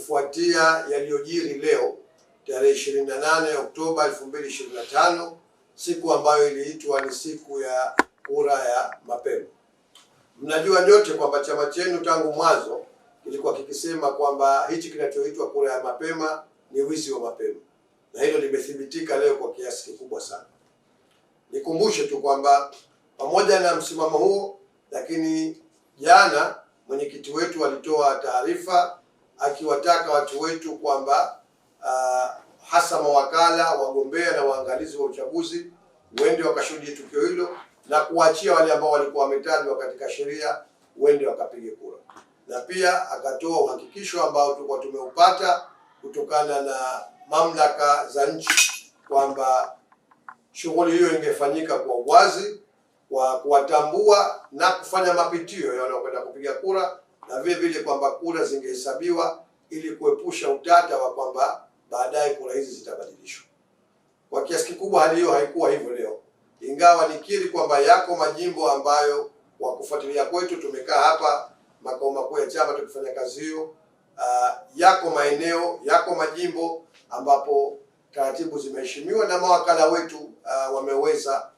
kufuatia yaliyojiri leo tarehe 28 Oktoba 2025, siku ambayo iliitwa ni siku ya kura ya mapema. Mnajua nyote kwamba chama chenu tangu mwanzo kilikuwa kikisema kwamba hichi kinachoitwa kura ya mapema ni wizi wa mapema, na hilo limethibitika leo kwa kiasi kikubwa sana. Nikumbushe tu kwamba pamoja na msimamo huo, lakini jana mwenyekiti wetu alitoa taarifa akiwataka watu wetu kwamba uh, hasa mawakala, wagombea na waangalizi wa uchaguzi wende wakashuhudie tukio hilo na kuachia wale ambao walikuwa wametajwa katika sheria wende wakapige kura, na pia akatoa uhakikisho ambao tulikuwa tumeupata kutokana na mamlaka za nchi kwamba shughuli hiyo ingefanyika kwa uwazi, kwa kuwatambua na kufanya mapitio ya wanaokwenda kupiga kura na vile vile kwamba kura zingehesabiwa ili kuepusha utata wa kwamba baadaye kura hizi zitabadilishwa. Kwa kiasi kikubwa hali hiyo haikuwa hivyo leo, ingawa nikiri kwamba yako majimbo ambayo kwa kufuatilia kwetu tumekaa hapa makao makuu ya chama tukifanya kazi hiyo. Uh, yako maeneo yako majimbo ambapo taratibu zimeheshimiwa na mawakala wetu uh, wameweza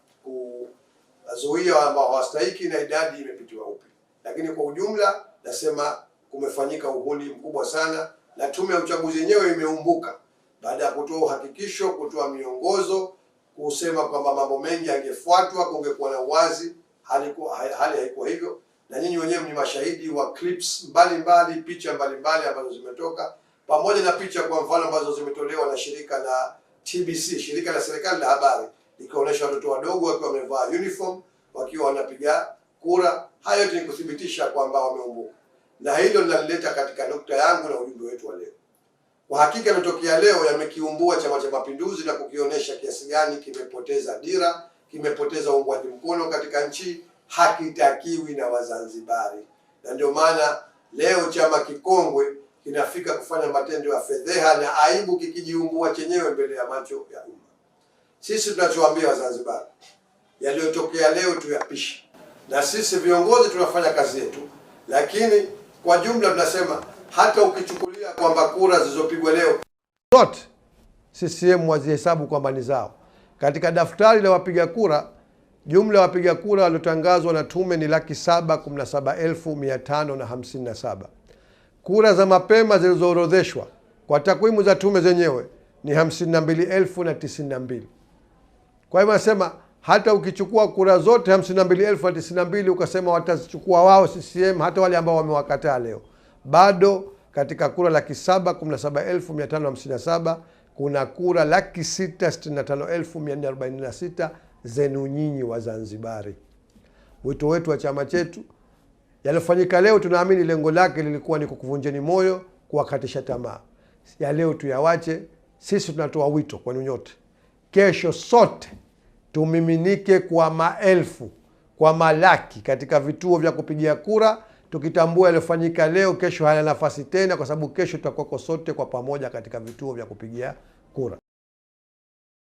kuzuia ambao hawastahiki na idadi imepitiwa upya lakini kwa ujumla nasema kumefanyika uhuni mkubwa sana, na tume ya uchaguzi yenyewe imeumbuka baada ya kutoa uhakikisho, kutoa miongozo, kusema kwamba mambo mengi yangefuatwa, kungekuwa na uwazi. Hali haiko hivyo, na nyinyi wenyewe ni mashahidi wa clips mbalimbali mbali, picha mbalimbali ambazo mbali zimetoka pamoja na picha kwa mfano ambazo zimetolewa na shirika la TBC, shirika la serikali la habari, likionyesha watoto wadogo wakiwa wamevaa uniform wakiwa wanapiga kura. Hayo yote ni kuthibitisha kwamba wameumbuka, na hilo linalileta katika nukta yangu na ujumbe wetu wa leo. Kwa hakika yanayotokea leo yamekiumbua Chama cha Mapinduzi na kukionyesha kiasi gani kimepoteza dira, kimepoteza uungwaji mkono katika nchi, hakitakiwi na Wazanzibari, na ndio maana leo chama kikongwe kinafika kufanya matendo ya fedheha na aibu, kikijiumbua chenyewe mbele ya macho ya umma. Sisi tunachoambia Wazanzibari, yaliyotokea leo tuyapishe na sisi viongozi tunafanya kazi yetu, lakini kwa jumla tunasema hata ukichukulia kwamba kura zilizopigwa leo zote CCM wazihesabu kwamba ni zao katika daftari la wapiga kura. Jumla ya wapiga kura waliotangazwa na tume ni laki saba kumi na saba elfu mia tano na hamsini na saba. Kura za mapema zilizoorodheshwa kwa takwimu za tume zenyewe ni hamsini na mbili elfu na tisini na mbili. Kwa hivyo nasema hata ukichukua kura zote hamsini mbili elfu na mbili ukasema watazichukua wao CCM, hata wale ambao wamewakataa leo, bado katika kura laki saba kumi na saba elfu mia tano hamsini na saba kuna kura laki sita na tano elfu mia nne arobaini na sita zenu nyinyi Wazanzibari. Wito wetu wa chama chetu, yaliyofanyika leo, tunaamini lengo lake lilikuwa ni kukuvunjeni moyo, kuwakatisha tamaa. Ya leo tuyawache. Sisi tunatoa wito kwenu nyote, kesho sote tumiminike kwa maelfu, kwa malaki katika vituo vya kupigia kura, tukitambua yaliyofanyika leo, kesho hana nafasi tena, kwa sababu kesho tutakuwako sote kwa pamoja katika vituo vya kupigia